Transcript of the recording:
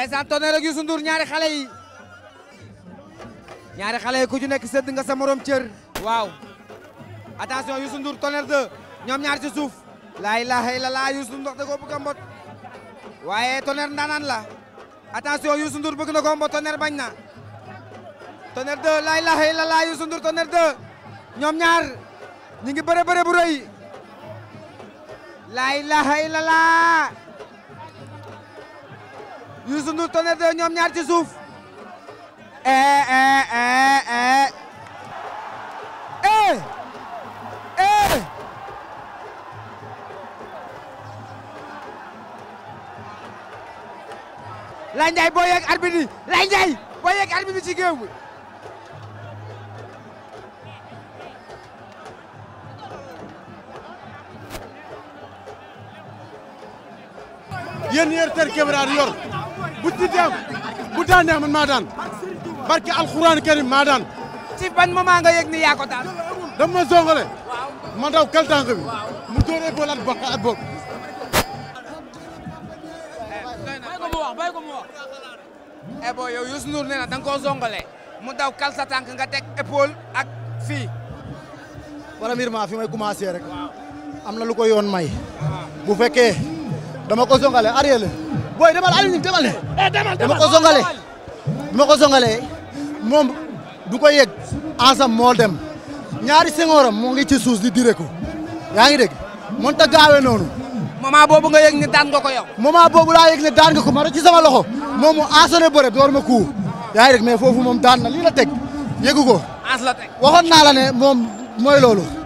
ndeysaan Tonnerre ak Youssou Ndour ñaari xale yi ñaari xale yi ku ci nekk sëdd nga sa morom cër waaw attention Youssou Ndour Tonnerre 2 ñoom ñaar ci suuf laa ilaha illallah Youssou Ndour da koo bëgg la attention Youssou Ndour bëgg na koo mbot Tonnerre bañ na Tonnerre 2 laa ilaha illallah Youssou Ndour Tonnerre 2 ñoom ñaar ñi ngi bëre bëre bu rëy laa Youssou Ndour Tonnerre de ñoom ci suuf eh eh eh eh eh eh Laye Ndiaye boo yeeg arbitre bi Laye Ndiaye boo yeeg arbitre bi ci géew bi yéen yéen tër bu ci dee bu daanee maa daan barke alxuraan karim maa daan. ci ban moment nga yëg ni yaa daan. dama ma zongale. ma daw kal bi. mu door épaule at bokk at bokk. bàyyi ko mu wax nee na da nga koo mu daw kal sa tànk nga teg épaule ak fii. premièrement fi may commencé rek. am na lu ko yoon may. bu fekkee dama ko zongale arrière booy demal Aliou Ngingue demal ne. Eh, dama ko songalee moo ko songalee moom du ko yëg ansam moo dem ñaari sengooram moo ngi ci suus di dire ko yaa ngi dégg mënut ta gaawee noonu. moment boobu nga yeg ne daan nga ko yow. moment boobu laa yëg ne daan ma ci sama loxo moom mu ansonné bëre door ma yaa ngi dégg mais foofu moom daan na lii la teg yëgu ko. ans la teg waxoon naa la ne moom mooy loolu.